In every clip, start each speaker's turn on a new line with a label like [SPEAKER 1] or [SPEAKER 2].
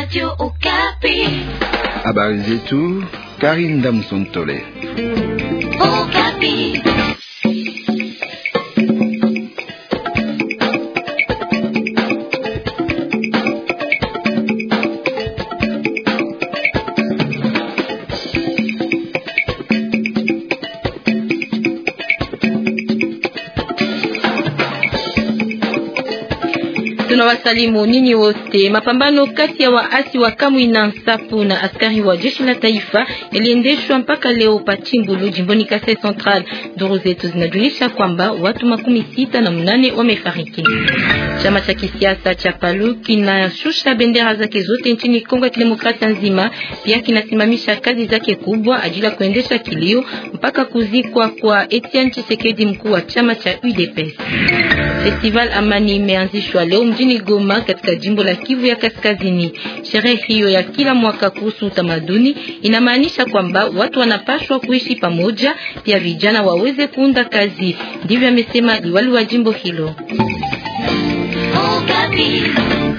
[SPEAKER 1] Radio Okapi.
[SPEAKER 2] Habari zetu Karinda
[SPEAKER 3] Msontole.
[SPEAKER 1] Okapi. tunawasalimu ninyi wote. Mapambano kati ya waasi wa Kamwina Nsapu na askari wa jeshi la taifa yaliendeshwa mpaka leo Pachimbulu, jimboni Kasai Central. Duru zetu zinajulisha kwamba watu makumi sita na mnane wamefariki. Chama cha kisiasa cha Palu kinashusha bendera zake zote nchini Kongo ya Kidemokrasia nzima, pia kinasimamisha kazi zake kubwa ajili ya kuendesha kilio mpaka kuzikwa kwa Etienne Tshisekedi, mkuu wa chama cha UDPS. Festival Amani imeanzishwa leo mjini mjini Goma katika jimbo la Kivu ya Kaskazini. Sherehe hiyo ya kila mwaka kuhusu utamaduni inamaanisha kwamba watu wanapaswa kuishi pamoja, pia vijana waweze kuunda kazi. Ndivyo amesema liwali wa jimbo hilo.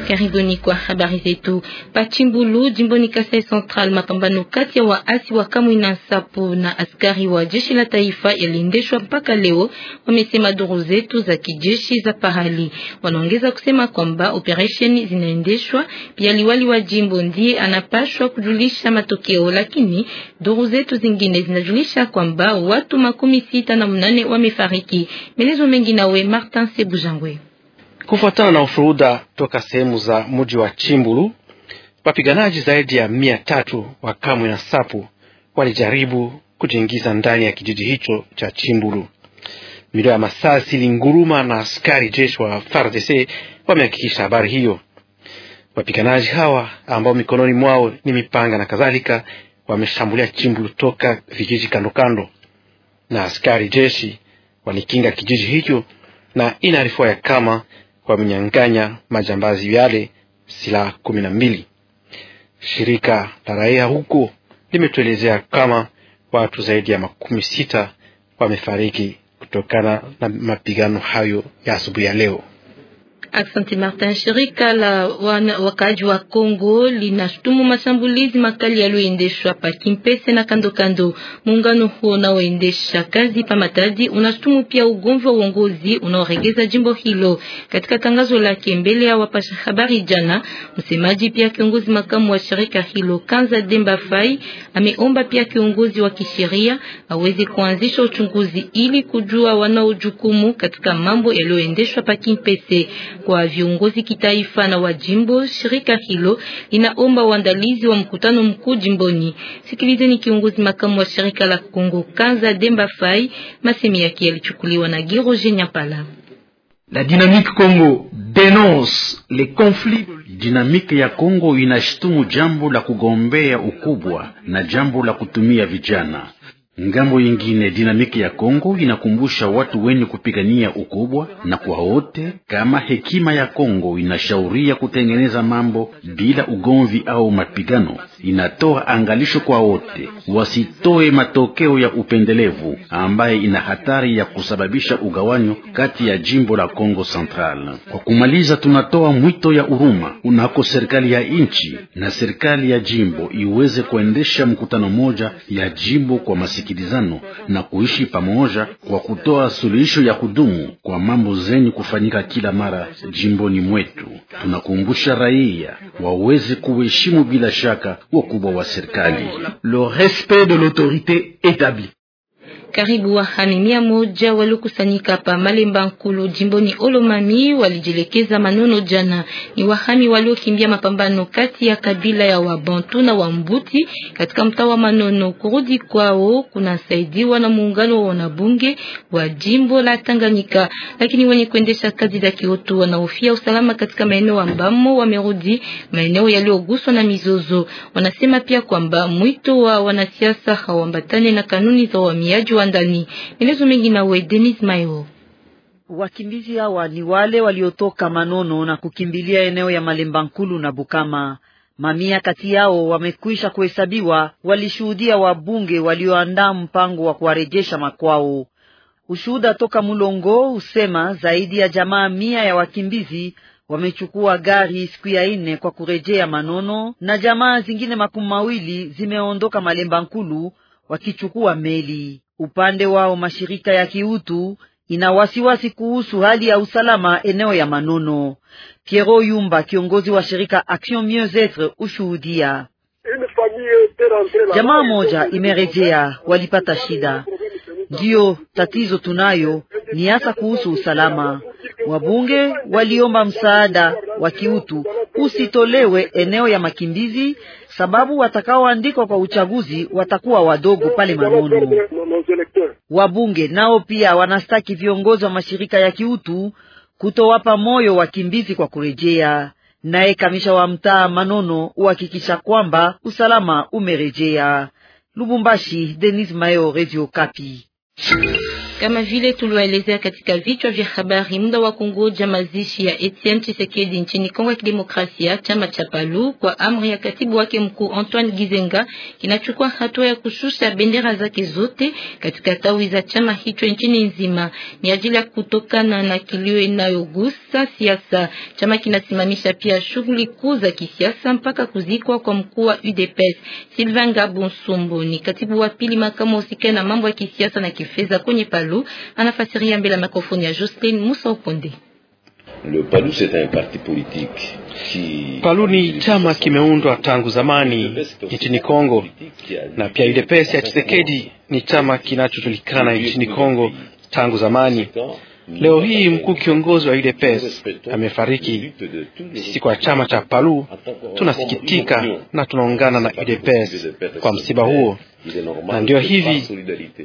[SPEAKER 1] Karibuni kwa habari zetu. Pachimbulu jimboni Kasai Central, mapambano kati ya waasi wa Kamwina Nsapu na askari wa jeshi la taifa yaliendeshwa mpaka leo, wamesema duru zetu za kijeshi za pahali. Wanaongeza kusema kwamba operation zinaendeshwa pia, liwali wa jimbo ndiye anapashwa kujulisha matokeo, lakini duru zetu zingine zinajulisha kwamba watu makumi sita na mnane wamefariki. Melezo mengi nawe Martin Sebujangwe.
[SPEAKER 2] Kufuatana na ushuhuda toka sehemu za mji wa Chimbulu, wapiganaji zaidi ya mia tatu wa Kamwe na Sapu walijaribu kujiingiza ndani ya kijiji hicho cha Chimbulu. Milio ya masasi ilinguruma na askari jeshi wa FARDC wamehakikisha habari hiyo. Wapiganaji hawa ambao mikononi mwao ni mipanga na kadhalika, wameshambulia Chimbulu toka vijiji kando kando, na askari jeshi walikinga kijiji hicho, na inaarifiwa ya kama wamenyang'anya majambazi yale silaha kumi na mbili. Shirika la raia huko limetuelezea kama watu zaidi ya makumi sita wamefariki kutokana na mapigano hayo ya asubuhi ya leo.
[SPEAKER 1] Asante Martin. Shirika la wakaaji wa Kongo linashutumu mashambulizi makali yaliyoendeshwa pa Kimpese na kando kando. Muungano huo unaoendesha kazi pa Matadi unashutumu pia ugomvi wa uongozi unaoregeza jimbo hilo. Katika tangazo lake mbele ya wapasha habari jana, msemaji pia kiongozi makamu wa shirika hilo Kanza Demba Fai ameomba pia kiongozi wa kisheria aweze kuanzisha uchunguzi ili kujua wanaojukumu katika mambo yaliyoendeshwa pa Kimpese kwa viongozi kitaifa na wajimbo. Shirika hilo linaomba uandalizi wa mkutano mkuu jimboni. Sikilizeni kiongozi makamu wa shirika la Kongo Kanza Demba Fai, masemi yake yalichukuliwa na Giro Jenyapala.
[SPEAKER 3] La dynamique Congo denonce les conflits. Dynamique ya Congo inashtumu jambo la kugombea ukubwa na jambo la kutumia vijana Ngambo yingine dinamiki ya Kongo inakumbusha watu wenye kupigania ukubwa na kwa wote, kama hekima ya Kongo inashauria kutengeneza mambo bila ugomvi au mapigano. Inatoa angalisho kwa wote wasitoe matokeo ya upendelevu ambaye ina hatari ya kusababisha ugawanyo kati ya jimbo la Kongo Central. Kwa kumaliza, tunatoa mwito ya uruma unako serikali ya nchi na serikali ya jimbo iweze kuendesha mkutano moja ya jimbo kwa masi masikilizano na kuishi pamoja kwa kutoa suluhisho ya kudumu kwa mambo zenye kufanyika kila mara jimboni mwetu. Tunakumbusha raia waweze kuheshimu bila shaka wakubwa wa serikali, le respect de l'autorité établie
[SPEAKER 1] karibu wahami mia moja waliokusanyika pa Malemba Nkulu jimboni Olomami walijielekeza Manono jana. Ni wahami waliokimbia mapambano kati ya kabila ya Wabantu na Wambuti katika mtaa wa Manono. Kurudi kwao kunasaidiwa na muungano wa wanabunge wa jimbo la Tanganyika, lakini wenye kuendesha kazi za kiutu wanahofia usalama katika maeneo ambamo wamerudi, maeneo yaliyoguswa na mizozo. Wanasema pia kwamba mwito wa wanasiasa hawambatane na kanuni za uhamiaji wa ndani. Elezo mengi nawe Denis Mayo.
[SPEAKER 4] Wakimbizi hawa ni wale waliotoka Manono na kukimbilia eneo ya Malemba Nkulu na Bukama. Mamia kati yao wamekwisha kuhesabiwa, walishuhudia wabunge walioandaa mpango wa kuwarejesha makwao. Ushuhuda toka Mulongo husema zaidi ya jamaa mia ya wakimbizi wamechukua gari siku ya ine kwa kurejea Manono, na jamaa zingine makumi mawili zimeondoka Malemba Nkulu wakichukua meli. Upande wao mashirika ya kiutu ina wasiwasi kuhusu hali ya usalama eneo ya Manono. Piero Yumba, kiongozi wa shirika Action Mieux Etre, ushuhudia jamaa moja imerejea, walipata shida. Ndiyo tatizo tunayo ni hasa kuhusu usalama. Wabunge waliomba msaada wa kiutu usitolewe eneo ya makimbizi, sababu watakaoandikwa kwa uchaguzi watakuwa wadogo pale Manono. Wabunge nao pia wanastaki viongozi wa mashirika ya kiutu kutowapa moyo wakimbizi kwa kurejea. Naye kamisha wa mtaa Manono uhakikisha kwamba usalama umerejea. Lubumbashi, Denis Mayo, Radio Kapi.
[SPEAKER 1] Kama vile tulioelezea katika vichwa vya habari, muda wa kungoja mazishi ya Etienne Tshisekedi nchini Kongo ya Kidemokrasia, chama cha Palu kwa amri ya katibu wake mkuu Antoine Gizenga kinachukua hatua ya kushusha bendera zake zote katika tawi za chama hicho nchini nzima. Ni ajili ya kutokana na kilio inayogusa siasa. Chama kinasimamisha pia shughuli kuu za kisiasa mpaka kuzikwa kwa mkuu wa UDPS Sylvain Ngabonsumbu, ni katibu wa pili makamu usikae na mambo ya kisiasa na kifedha kwenye Palu. Palu anafasiria mbele ya mikrofoni ya Jocelyn Musa Ukonde.
[SPEAKER 3] Le Palu, c'est un parti politique qui... Palu ni
[SPEAKER 2] chama kimeundwa tangu zamani nchini Kongo, na pia UDPS ya chisekedi ni chama kinachojulikana nchini Kongo tangu zamani. Leo hii mkuu kiongozi wa UDPS amefariki. Sisi kwa chama cha Palu
[SPEAKER 3] tunasikitika
[SPEAKER 2] na tunaungana na UDPS kwa msiba huo na ndio hivi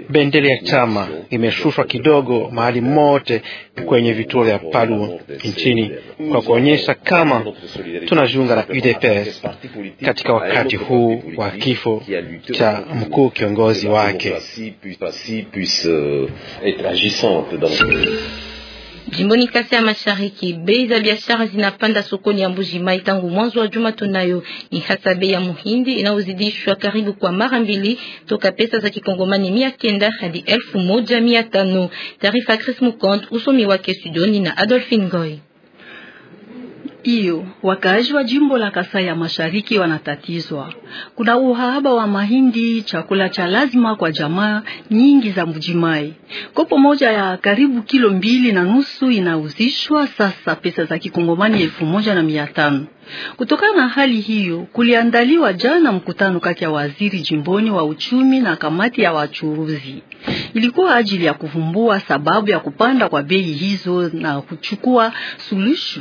[SPEAKER 2] bendera ya chama imeshushwa kidogo mahali mote kwenye vituo vya Palu nchini kwa kuonyesha kama tunajiunga na UDPS katika wakati huu wa kifo cha mkuu kiongozi
[SPEAKER 3] wake.
[SPEAKER 1] Jimboni Kasai ya Mashariki, bei za biashara zinapanda sokoni ya Mbujimai tangu mwanzo wa juma. Tunayo ni hasa bei ya muhindi inayozidishwa karibu kwa mara mbili toka pesa za kikongomani mia kenda hadi elfu moja mia tano. Taarifa Chris Mukond, usomi wake studioni na Adolphine Goy hiyo wakaaji wa jimbo la
[SPEAKER 5] Kasai ya Mashariki wanatatizwa. Kuna uhaba wa mahindi, chakula cha lazima kwa jamaa nyingi za Mjimai. Kopo moja ya karibu kilo mbili na nusu inauzishwa sasa pesa za kikongomani elfu moja na mia tano. Kutokana na hali hiyo, kuliandaliwa jana mkutano kati ya waziri jimboni wa uchumi na kamati ya wachuruzi. Ilikuwa ajili ya kuvumbua sababu ya kupanda kwa bei hizo na kuchukua suluhisho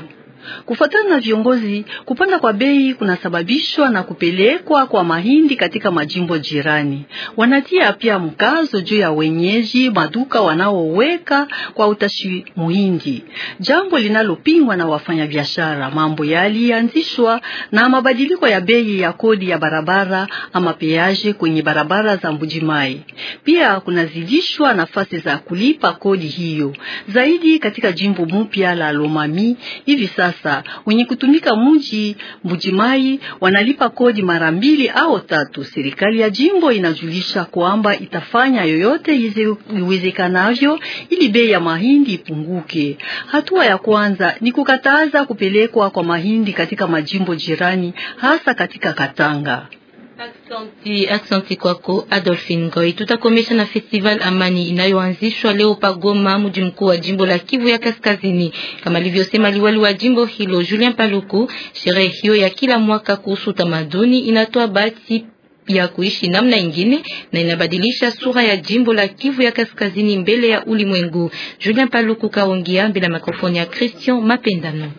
[SPEAKER 5] Kufuatana na viongozi, kupanda kwa bei kunasababishwa na kupelekwa kwa mahindi katika majimbo jirani. Wanatia pia mkazo juu ya wenyeji maduka wanaoweka kwa utashi muhindi, jambo linalopingwa na wafanyabiashara. Mambo yalianzishwa na mabadiliko ya bei ya kodi ya barabara ama peaje kwenye barabara za Mbujimai. Pia kunazidishwa nafasi za kulipa kodi hiyo zaidi katika jimbo mpya la Lomami hivi sasa sasa wenye kutumika mji Mbujimai wanalipa kodi mara mbili au tatu. Serikali ya jimbo inajulisha kwamba itafanya yoyote iwezekanavyo ili bei ya mahindi ipunguke. Hatua ya kwanza ni kukataza kupelekwa kwa mahindi katika majimbo jirani, hasa katika Katanga.
[SPEAKER 1] Aksanti, aksanti kwako Adolfin Goy. Tutakomesha na festival Amani inayoanzishwa leo pa Goma, mji mkuu wa jimbo la Kivu ya Kaskazini, kama alivyosema liwali wa jimbo hilo Julien Paluku. Sherehe hiyo ya kila mwaka kuhusu tamaduni inatoa bahati ya kuishi namna ingine na inabadilisha sura ya jimbo la Kivu ya Kaskazini mbele ya ulimwengu. Julien Paluku kaongea bila mikrofoni ya Christian Mapendano.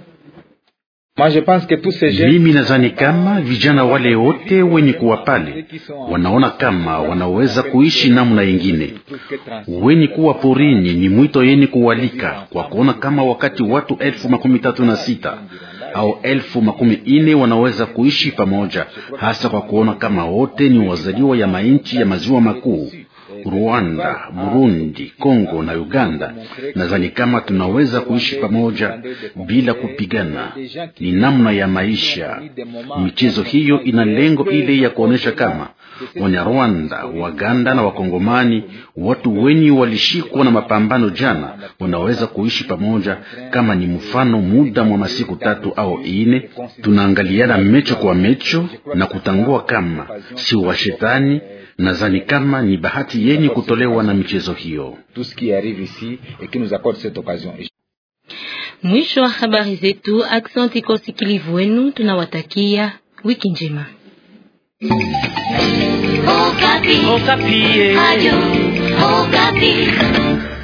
[SPEAKER 3] Mimi nadhani kama vijana wale wote wenye kuwa pale wanaona kama wanaweza kuishi namna ingine. Wenye kuwa porini ni mwito yeni kuwalika kwa kuona kama wakati watu elfu makumi tatu na sita au elfu makumi ine wanaweza kuishi pamoja, hasa kwa kuona kama wote ni wazaliwa ya mainchi ya maziwa makuu. Rwanda, Burundi, Kongo na Uganda, nadhani kama tunaweza kuishi pamoja bila kupigana. Ni namna ya maisha. Michezo hiyo ina lengo ile ya kuonyesha kama Wanyarwanda, Waganda na Wakongomani, watu wenye walishikwa na mapambano jana, wanaweza kuishi pamoja kama ni mfano, muda mwa masiku tatu au ine, tunaangaliana mecho kwa mecho na kutangua kama si washetani Nadhani kama ni bahati yenye kutolewa na michezo hiyo.
[SPEAKER 1] Mwisho wa habari zetu. Aksanti kwa usikilivu wenu, tunawatakia wiki njema.
[SPEAKER 3] Okapi. Okapi. Eh.